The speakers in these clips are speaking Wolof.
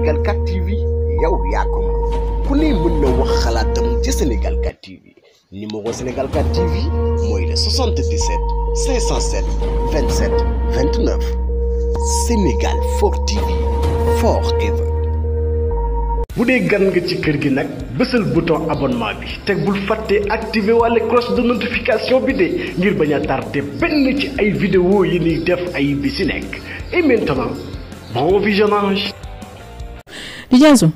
Sénégal 4 TV yow yaa ko moom ne mën na wax xalaatam ci Sénégal 4 TV numéro Sénégal 4 TV moy le 77 507 27 29 Sénégal 4 TV forever. Vous voulez gan nga ci kër gi nag bouton abonnement bi te bul fàtte la cloche de notification bi ne ngir bañ tardé ci ay vidéo yi ni def ay et maintenant bon visionnage. di Diazou.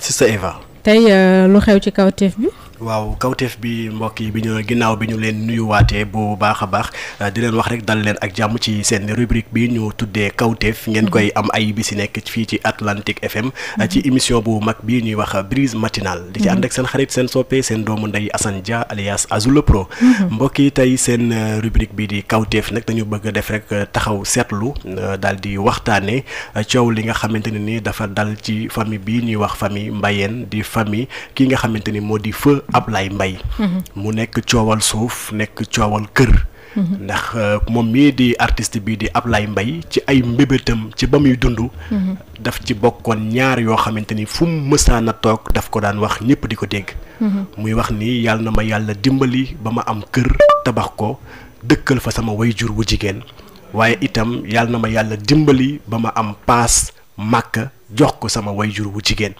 Sista Eva. tey euh, lu xew ci kaw teef bi. waaw kawteef bi mbokk yi bi ñu ginnaaw bi ñu leen nuyuwaatee bu baax a baax euh, di leen wax rek dal leen ak jàmm ci seen rubrique bi ñu tuddee kawteef ngeen koy am ay bi si nekk fii ci Atlantique FM euh, ci émission bu mag bii ñuy wax brise matinale di ci ànd ak seen xarit seen soppee seen doomu ndey Assane Dia alias Azou le Pro mhm. mbokk yi tey seen euh, rubrique bi di kawteef nag dañu bëgg def rek taxaw seetlu daal di waxtaane coow li nga xamante ne ni dafa dal ci famille bii ñuy wax famille Mbayeen di famille ki nga xamante ni Ablaye Mbaye mhm. mu nekk coowal suuf nekk coowal kër mhm. ndax euh, moom mii di artiste bii di Ablaye mbay ci ay mbébétam ci ba muy dund mhm. daf ci bokkoon ñaar yoo xamante ni fu mu mësaan a toog daf ko daan wax ñëpp di ko dégg muy wax ni yàlla na ma yàlla dimbali ba ma am kër tabax ko dëkkal fa sama jur wu jigéen waaye itam yàlla na ma yàlla dimbali ba ma am paas makk jox ko sama wayjur wu jigéen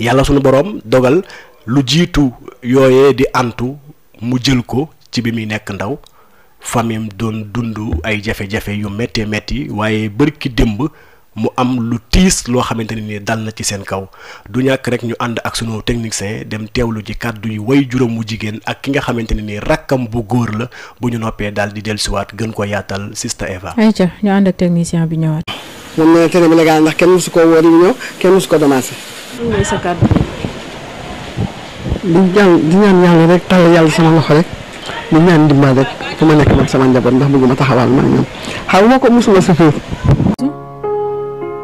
yàlla sunu boroom dogal lu jiitu yooyee di antu mu jël ko ci bi muy nekk ndaw famille doon dund ay jafe-jafe yu méttee métti waaye bërki démb mu am lu tiis loo xamante ne ni dal na ci seen kaw du ñàkk rek ñu ànd ak sunu technicien dem teewlu ji kàddu yi way juróom mu jigéen ak ki nga xamante ne ni rakkam bu góor la bu ñu noppee daal di dellusiwaat gën ko yaatal sista Eva. ayca ñu ànd ak technicien bi ñëwaat. di ñaan di ñaan yàlla rek tàll yàlla sama loxo rek di ñaan dimbal rek fu ma nekk sama njaboot ndax bëgguma taxawal ma ñoom xaw ma ko mosuma sëfër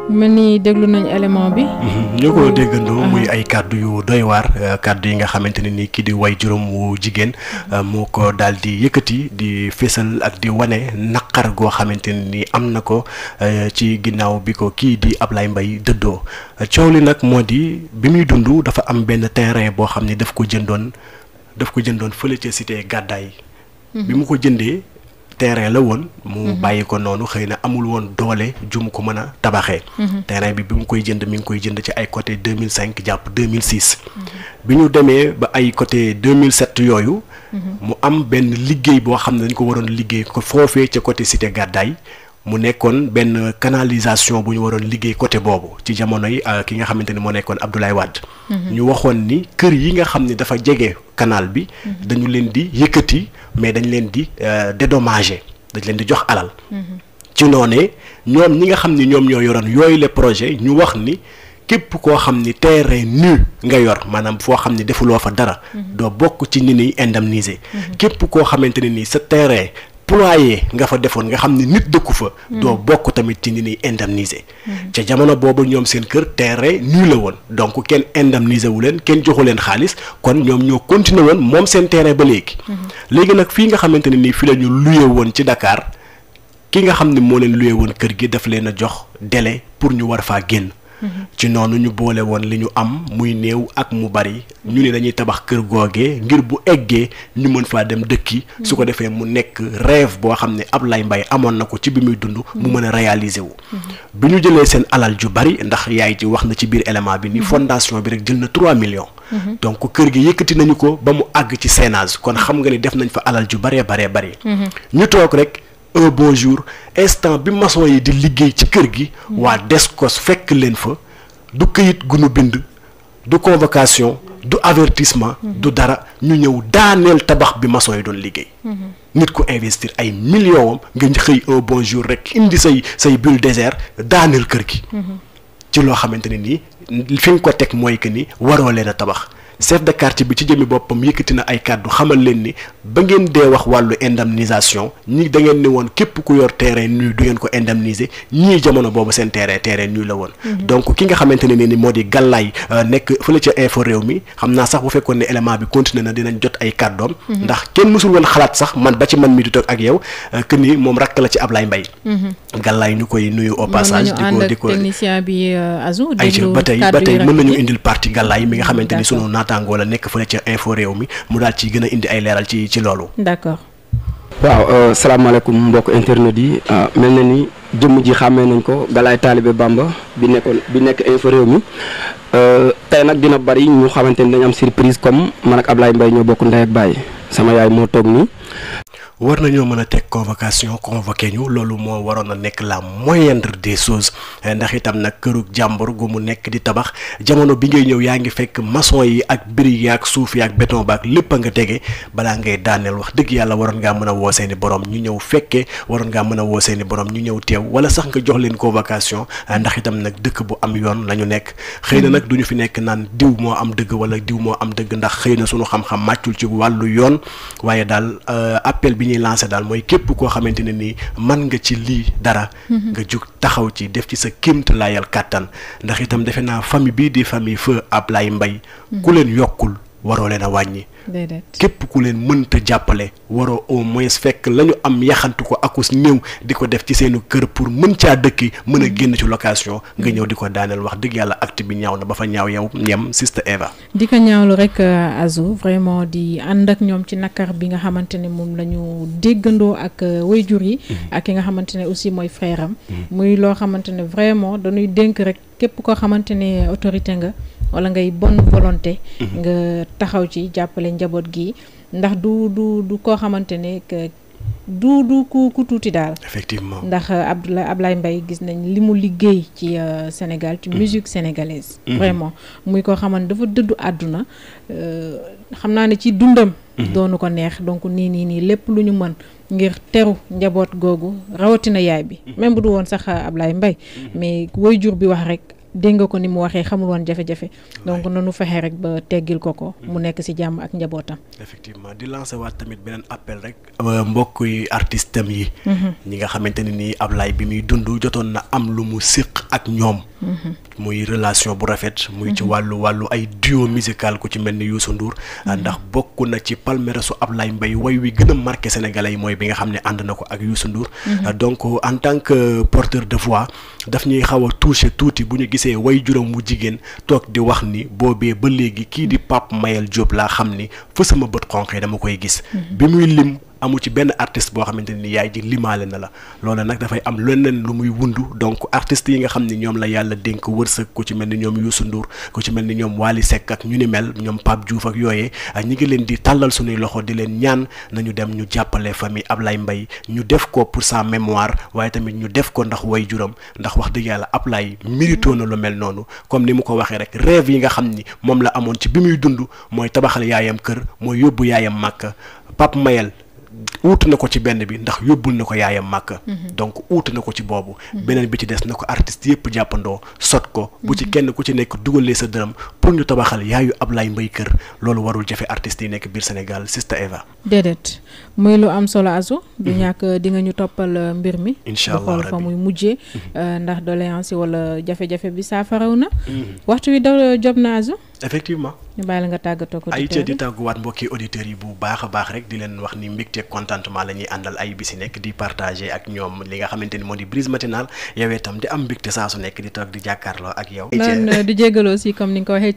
mel ni déglu nañu élément bi. Mhm. ñoo ko déggandoo muy uh-huh. ay kàddu yu doy waar euh, kàddu yi nga xamante ne ni kii di way juróom wu jigéen euh, moo ko daal di yëkkati di fésal ak di wane naqar goo xamante ne ni am na ko euh, ci ginnaaw bi ko kii di ab Ablaye mbay dëddoo coow li nag moo di bi muy dund dafa am benn terrain boo xam ne daf ko jëndoon daf ko jëndoon fële ca cité gàddaay mhm. bi mu ko jëndee. terrain la woon mu mhm. bàyyi ko noonu xëy na amul woon doole jum ko mën a tabaxee mhm. terrain bi bi mu koy jënd mi ngi koy jënd ci ay côté cinq jàpp 2006 mhm. bi ñu demee ba ay côté 2007 yooyu mu am benn liggéey boo xam ne dañ ko waroon liggéey ko foofee ca côté cité Gàddaay mu nekkoon benn canalisation bu ñu waroon liggéey côté boobu ci jamono yi euh, ki nga xamante ni moo nekkoon Abdoulaye Wade. Mhm. ñu waxoon ni kër yi nga xam ni dafa jege canal bi. Mhm. dañu leen di yëkkati mais dañu leen di euh, dédommager dañ leen di jox alal. Mhm. ci noonee ñoom ñi nga xam ni ñoom ñoo yoroon yooyu le projet ñu wax ni. képp koo xam ni terrain nu nga yor maanaam foo xam ni defuloo fa dara. doo bokk ci ni ñuy indemniser. képp koo xamante ne ni sa terrain ployé nga fa defoon nga xam ne nit dëkku fa. Mm. doo bokk tamit ci ni ñuy indemniser. Mm. ca jamono boobu ñoom seen kër terrain nii la woon donc kenn indemniser wu leen kenn joxu leen xaalis kon ñoom ñoo continuer woon moom seen terrain ba léegi. Mm-hmm. léegi nag fii nga xamante ne nii fii la ñu loué woon ci dakaar ki nga xam ne moo leen loué woon kër gi daf leen a jox délai pour ñu war faa génn. ci noonu ñu boole woon li ñu am muy néew ak mu bari ñu ni dañuy tabax kër googee ngir bu eggee ñu mën faa dem dëkki su ko defee mu nekk rêve boo xam ne ab lay mbay amoon na ko ci bi muy dund mu mën a réaliser wu bi ñu jëlee seen alal ju bari ndax yaay ji wax na ci biir élément bi ni fondation bi rek jël na trois millions donc kër gi yëkkati nañu ko ba mu àgg ci séenage kon xam nga ni def nañ fa alal ju baree baree bari ñu toog rek un beau jour instant bi maçon yi di liggéey ci kër gi waa Descos fekk leen fa du këyit gu nu bind du convocation du avertissement du dara ñu ñëw daaneel tabax bi maçon yi doon liggéey nit ku investir ay millions am nga xëy un bon jour rek indi say say bulldozer daaneel kër gi mhm. ci loo xamante ne nii fi nga ko teg mooy que ni waroo leen a tabax chef de quartier bi ci jëmi boppam yëkkati na ay kàddu xamal leen ni ba ngeen dee wax wàllu indemnisation ñi da ngeen woon képp ku yor terrain du ngeen ko indemniser ñii jamono boobu seen terrain terrain nuy la woon mhm. donc ki nga xamante ne ni moo di gàllaay euh, nekk fële ca info réew mi xam naa sax bu fekkoon ne élément bi continué na dinañ ay kàddoom ndax kenn mësul woon xalaat sax man ba ci man mi di toog ak yow euh, que ni moom rakk la ci Ablaye Mbaye mhm. gàllaay ñu koy nuyu au passage di ko di ko technicien bi euh, Azou ay ba tey ba tey mën nañu indil parti gàllaay mi nga xamante ni sunu naataangoo la nekk fële ca info réew mi mu daal ci gën a indi ay leeral ci ci loolu d'accord waaw euh, salaamaaleykum mbokk internet yi mel na ni jëmm ji xàmmee nañ ko Galaye Talibé Bamba bi nekkoon bi nekk info réew euh, tey nag dina bari ñu xamante ni dañ am surprise comme man ak Ablaye Mbaye ñoo bokk ndey ak baay sama yaay moo toog nii war nañoo mën a teg convocation convoqué ñu loolu moo waroon a nekk la moindre des choses ndax itam nag kërug jàmbur gu mu nekk di tabax jamono bi ngay ñëw yaa ngi fekk maçon yi ak brique yi ak suuf yi ak béton ba ak lépp nga tege balaa ngay daaneel wax dëgg yàlla waroon ngaa mën a woo seeni borom ñu ñëw fekkee waroon ngaa mën a woo seeni borom ñu ñëw teew wala sax nga jox leen convocation ndax itam nag dëkk bu am yoon la ñu nekk xëy na nag duñu fi nekk naan diw moo am dëgg wala diw moo am dëgg ndax xëy na suñu xam ci wàllu yoon bi ñuy lancé daal mooy képp koo xamante ne nii mën nga ci lii dara. Mm-hmm. nga jug taxaw ci def ci sa kéemt laayal kàttan ndax itam defe naa famille bii di famille feu Ablaye Mbaye mm-hmm. ku leen yokkul. waroo leen a wàññi. képp ku leen mënta jàppale waroo au moins fekk la ñu am yaxantu ko akus néew di ko def ci seenu kër pour mën caa dëkki mën a mm-hmm. génn ci location nga ñëw di ko daaneel wax dëgg yàlla acte bi ñaaw na ba fa ñaaw yow yem Sister Eva. di ko ñaawlu rek euh, azu vraiment di ànd ak ñoom ci nakar bi nga xamante ne moom la ñu déggandoo ak euh, jur yi. Mm-hmm. ak ki nga xamante ne aussi mooy frère am. Mm-hmm. muy loo xamante ne vraiment dañuy dénk rek képp koo xamante ne autorité nga. wala ngay bonne volonté mhm. nga taxaw ci jappalé njabot gi ndax du du du ko xamantene ke du du ku ku tuti dal effectivement ndax euh, abdoulaye ablaye mbay gis nañ limu liggey ci euh, sénégal ci mhm. musique sénégalaise mhm. vraiment muy ko xamant dafa dëddu aduna euh xamna ne ci dundam doonu ko neex donc ni ni ni lepp luñu ngir teru njaboot rawati na yaay bi même bu du won sax euh, ablaye mbay mais bi wax rek dégg ko ni mu waxee xamul woon jafe-jafe donc nanu fexe rek ba teggil ko ko mu mm. nekk ci jàmm ak njabootam effectivement di lancé waat tamit beneen appel rek euh, mbokk yi artistam yi mm-hmm. ñi nga xamante ni nii Ablaye bi muy dund jotoon na am lu mu siq ak ñoom Mm-hmm. muy relation bu rafet. muy ci mm-hmm. walu walu ay duo musical ku ci mel Youssou Ndour. Mm-hmm. ndax bokku na ci palmarèsu Ablaye Mbaye way wi gëna marqué sénégalais moy bi nga xamné and nako ak Youssou Ndour. donc en tant que porteur de voix daf ñuy xawa toucher touti tuuti bu ñu gisee way juróom mu jigen tok di wax ni boobee ba légui ki di pap Mayel Diop la xam fa sama beut xonq dama koy gis. bi muy lim. amul ci benn artiste boo xamante ni yaay ji limaale na la loolu nag dafay am leneen lu muy wundu donc artist yi nga xam ni ñoom la yàlla dénk wërsëg ku ci mel ni ñoom Youssou Ndour ku ci mel ni ñoom Wally Seck ak ñu ni mel ñoom Pape Diouf ak yooyee ah, ñi ngi leen di tàllal suñuy loxo di leen ñaan nañu dem ñu jàppale famille Ablaye Mbaye ñu def ko pour sa mémoire waaye tamit ñu def ko ndax way juram ndax wax dëgg yàlla Ablaye mérito na lu mel noonu comme ni mu ko waxee rek rêve yi nga xam ni moom la amoon ci bi muy dund mooy tabaxal yaayam kër mooy yóbbu yaayam màkk Pape Mayel uut na ko ci benn bi ndax yóbbul na ko yaayam màkk mhm. donc uut na ko ci boobu mhm. beneen bi ci des na ko artiste yëpp jàppandoo sot ko bu ci mhm. kenn ku ci nekk dugalee sa dërëm pour ñu tabaxal yaayu Ablaye mbey kër loolu warul jafe artiste yi nekk biir Sénégal Sista Eva dedet muy lu am solo azu mhm. du ñàkk di nga ñu toppal euh, mbir mi inshallah xool fa muy mujjee mhm. euh, ndax doléance wala jafe-jafe bi saafaraw na mhm. waxtu wi da euh, job na asu effectivement ñu bàyyi la nga tàggatoo ko ay di tàgguwaat mbokki auditeurs yi bu baax a baax rek di leen wax ni mbégte contentement la ñuy àndal ay bi nekk di partager ak ñoom li nga xamante ni moo di brise matinale yow itam di am mbégte saa su nekk di toog di jàkkaarloo ak yow di jégaloo si comme ni nga ko waxee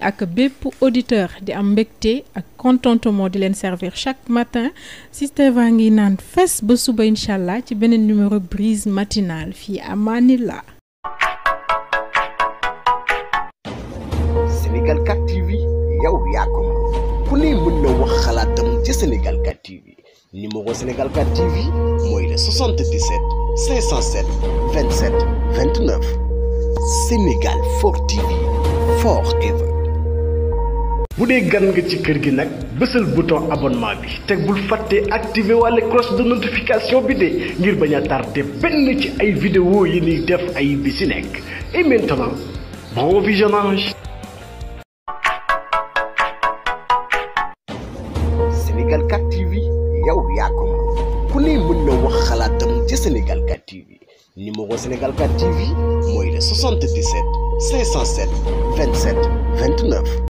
ak bépp auditeur di am mbégte ak contentement de leen servir chaque matin si steva ngi naan fes ba suba incha ci beneen numéro brise matinale fii amaanillah Sénégal 4 TV yow yaa ko ku ne mën na wax xalaatam ci Sénégal 4 TV numéro Sénégal 4 TV mooy le 77 507 27 29 Sénégal 4 TV forever bu dee gan nga ci kër gi nag bésal bouton abonnement bi teg bul fàtte activé walla cloche de notification bi de ngir bañ a tardé benn ci ay vidéo yi ni def ay bi si nekk et maintenant bon visionnage. Sénégal 4 TV yow yaa ko ku ne mën na wax xalaatam ci Sénégal 4 TV numéro Sénégal 4 TV mooy le 77 507 27 29.